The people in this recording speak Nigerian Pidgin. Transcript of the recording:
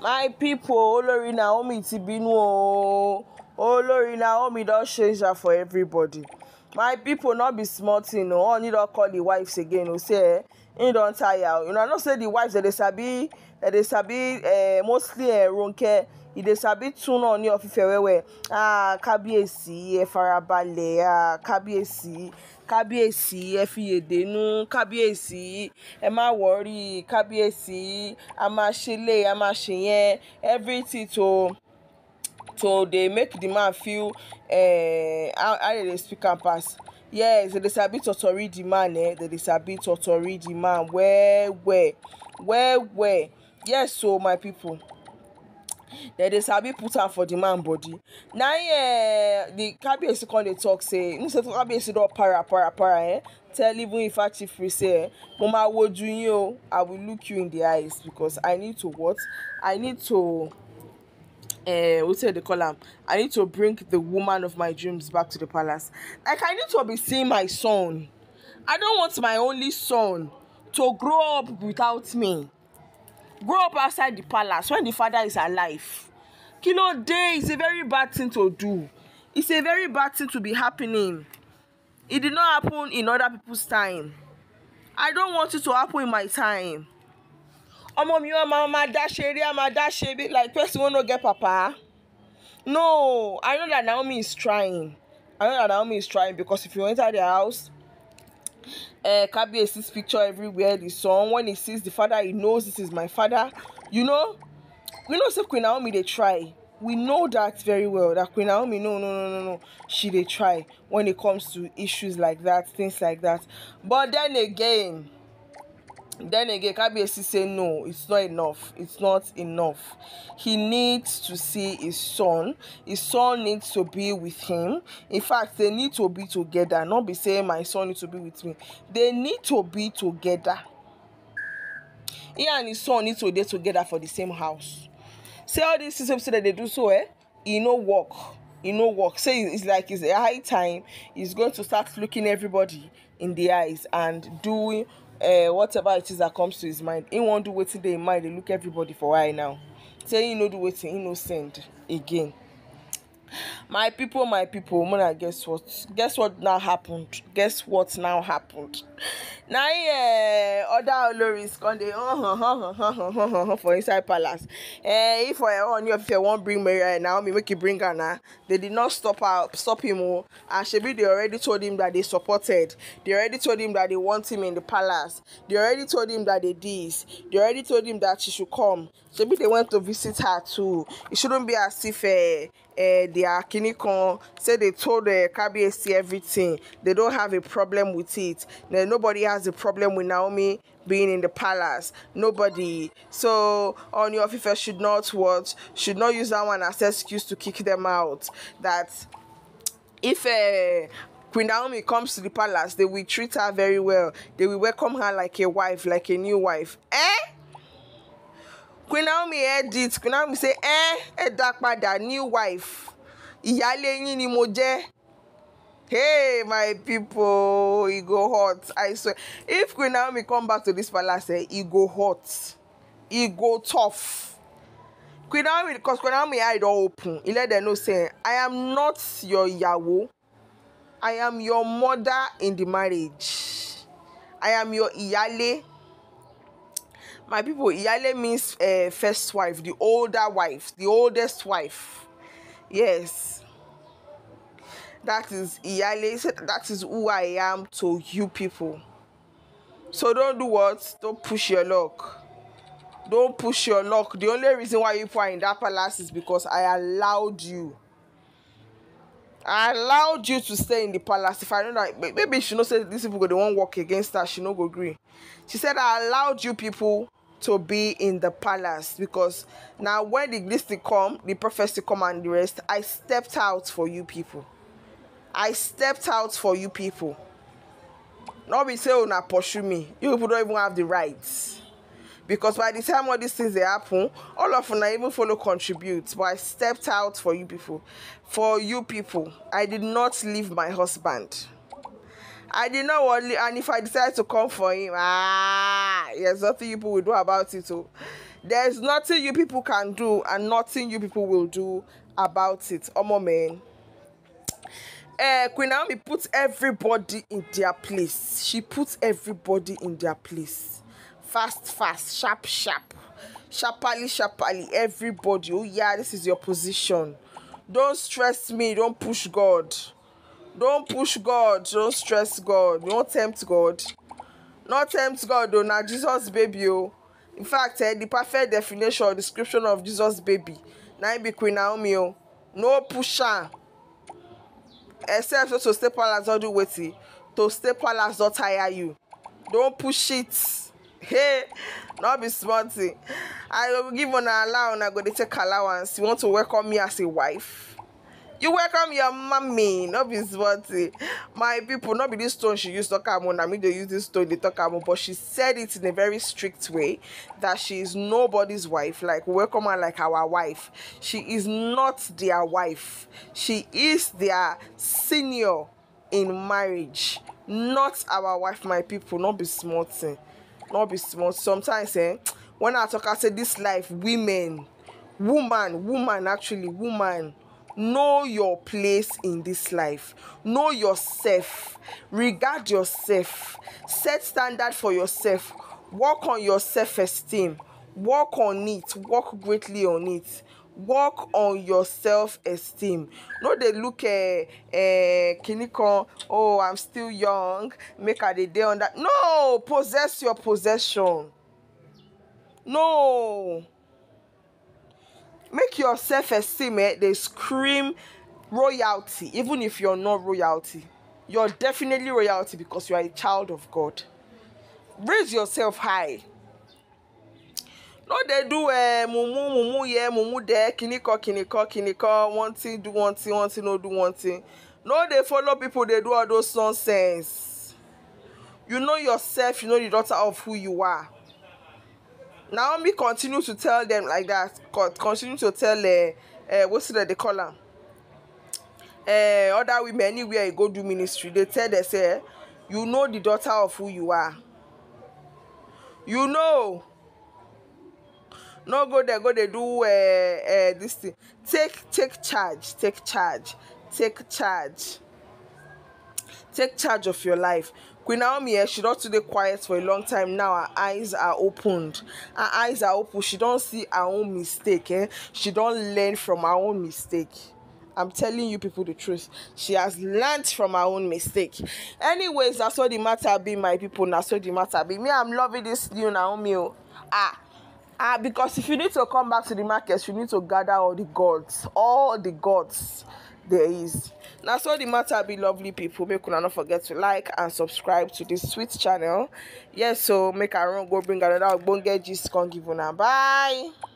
my pipo olori naomi ti binu ooo olori naomi don change her for everybody my pipo no be small tin o need don call the wives again o say eh im don tire una know say the wives dem eh, dey sabi dem eh, dey sabi eh, mostly ronke e dey sabi tune on ní ọ̀fífẹ́ wẹ́wẹ́ ah kábíyèsí ẹ farabalẹ̀ ah kábíyèsí kábíyèsí ẹ fi èdè nu kábíyèsí ẹ má wọrí kábíyèsí a máa ṣe lé a máa ṣe yẹn everything to to dey make the man feel uh, how, how they speak am pass yes they dey sabi totori the man eh they dey sabi totori the man well well well well yes so, my people dem dey sabi put am for the man body na im eh, the kabiyesi come dey talk say im say kabiyesi don para para para eh, tell even ifa chief free. say eh, mo ma wojú yín o i will look you in the eyes because i need to what i need to eh, wetin dey call am i need to bring the woman of my dreams back to the palace like i need to be seeing my son i don want my only son to grow up without me grow up outside the palace when the father is alive kí day is a very bad thing to do it's a very bad thing to be happening it did not happen in other people's time i don't want it to happen in my time ọmọ mi wọn máa máa dá ṣe eré máa dá ṣe like person wey no get papa no i know that naomi is trying i know that naomi is trying because if you enter their house uh, eh, Kabiyesi's picture everywhere the son when he sees the father he knows this is my father you know we know say Queen Naomi they try we know that very well that Queen Naomi no no no no no she they try when it comes to issues like that things like that but then again then again kabiyesi say no it's not enough it's not enough he needs to see his son his son needs to be with him in fact they need to be together not be say my son need to be with me they need to be together he and his son need to dey together for the same house say all these things wey say dem dey do so eh e no work e no work say it's like it's a high time he's going to start looking everybody in the eyes and doing uh, whatever it is that comes to his mind he wan do wetin dey him mind dey look everybody for eye now say he no do wetin he no send again my people my people muna guess what guess what now happened guess what now happened Now, here other oloris come dey oh, for inside palace eh. if oyo uh, oni if you wan bring maria and naomi make you bring her na they did not stop her stop him o oh. and shebi they already told him that they supported they already told him that they want him in the palace they already told him that they this they already told him that she should come shebi they went to visit her too it shouldn't be as if eh. uh, eh, their kidney con say they told the uh, see everything they don't have a problem with it now, nobody has a problem with naomi being in the palace nobody so on your FIFA should not what should not use that one as excuse to kick them out that if uh, Queen Naomi comes to the palace, they will treat her very well. They will welcome her like a wife, like a new wife. Eh? Queen Naomi edit Queen Naomi say ẹ ẹ dá padà new wife ìyáálé yín ni mo jẹ́ hey my people e go hot I swear if Queen Naomi come back to this palace eh e go hot e go tough Queen Naomi because Queen Naomi eye don open e let dem know say I am not your yawo I am your mother in the marriage I am your ìyáálé my people ìyálé means uh, first wife the older wife the oldest wife yes that is ìyálé so that is who i am to you people so don't do what don't push your luck don't push your luck the only reason why you people are in that palace is because i allowed you i allowed you to stay in the palace if i know that maybe she know say these people go dey wan work against her she no go gree she said i allowed you people to be in the palace because now when the listing come the prophecy come and the rest i stepped out for you people i stepped out for you people not be say una oh, pursue me you people don't even have the rights because by the time all these things they happen all of una even follow contribute but i stepped out for you people for you people i did not leave my husband I did not want li- and if I decide to come for him, ah, there's nothing you people will do about it. Oh. There's nothing you people can do and nothing you people will do about it. Oh, my man. Uh, Queen Naomi puts everybody in their place. She puts everybody in their place. Fast, fast, sharp, sharp. Sharply, sharply, everybody. Oh yeah, this is your position. Don't stress me. Don't push God don't push god don't stress god Don't tempt god no tempt god o oh, na jesus baby oh. in fact eh, the perfect definition or description of jesus baby Now him be queen naomi oh. no push am except so to stay palace don do wetin to stay palace don tire you Don't push it hey Not be smarty. i go give una allow una go dey take allowance you want to welcome me as a wife you welcome your mommy no be smarty my people no be this stone she use talk am na me dey use this stone dey talk am but she said it in a very strict way that she is nobody's wife like welcome her like our wife she is not their wife she is their senior in marriage not our wife my people no be small thing no be small sometimes eh when i talk i say this life women woman woman actually woman know your place in this life know yourself regard yourself set standard for yourself work on your self-esteem work on it work greatly on it work on your self-esteem no dey look eh, eh, kini kan oh i'm still young make i dey dey under no possess your possession no make your self esteem eh, dey scream royalty even if you're not royalty you're definitely royalty because you are a child of god raise yourself high no dey do uh, mumu mumu yeah mumu there kiniko kiniko kiniko one thing do one thing one thing no do one thing no dey follow people dey do all those nonsense you know yourself you know the daughter of who you are naomi continue to tell them like that. continue to tell uh, uh, wetin dem dey call am uh, other women anywhere you go do ministry they tell dem say you know the daughter of who you are you know no go there go they do uh, uh, this thing take take charge take charge take charge. Take charge of your life. Queen Naomi, eh, she not today quiet for a long time. Now her eyes are opened. Her eyes are open. She don't see her own mistake. Eh? She don't learn from her own mistake. I'm telling you people the truth. She has learned from her own mistake. Anyways, that's what the matter be, my people. That's what the matter be. Me, I'm loving this new Naomi. Oh. Ah. Ah, because if you need to come back to the market, you need to gather all the gods. All the gods. there is na so the matter be lovely people make una not forget to like and subscribe to this sweet channel yes so make i run go bring another ogbonge gist can't give una bye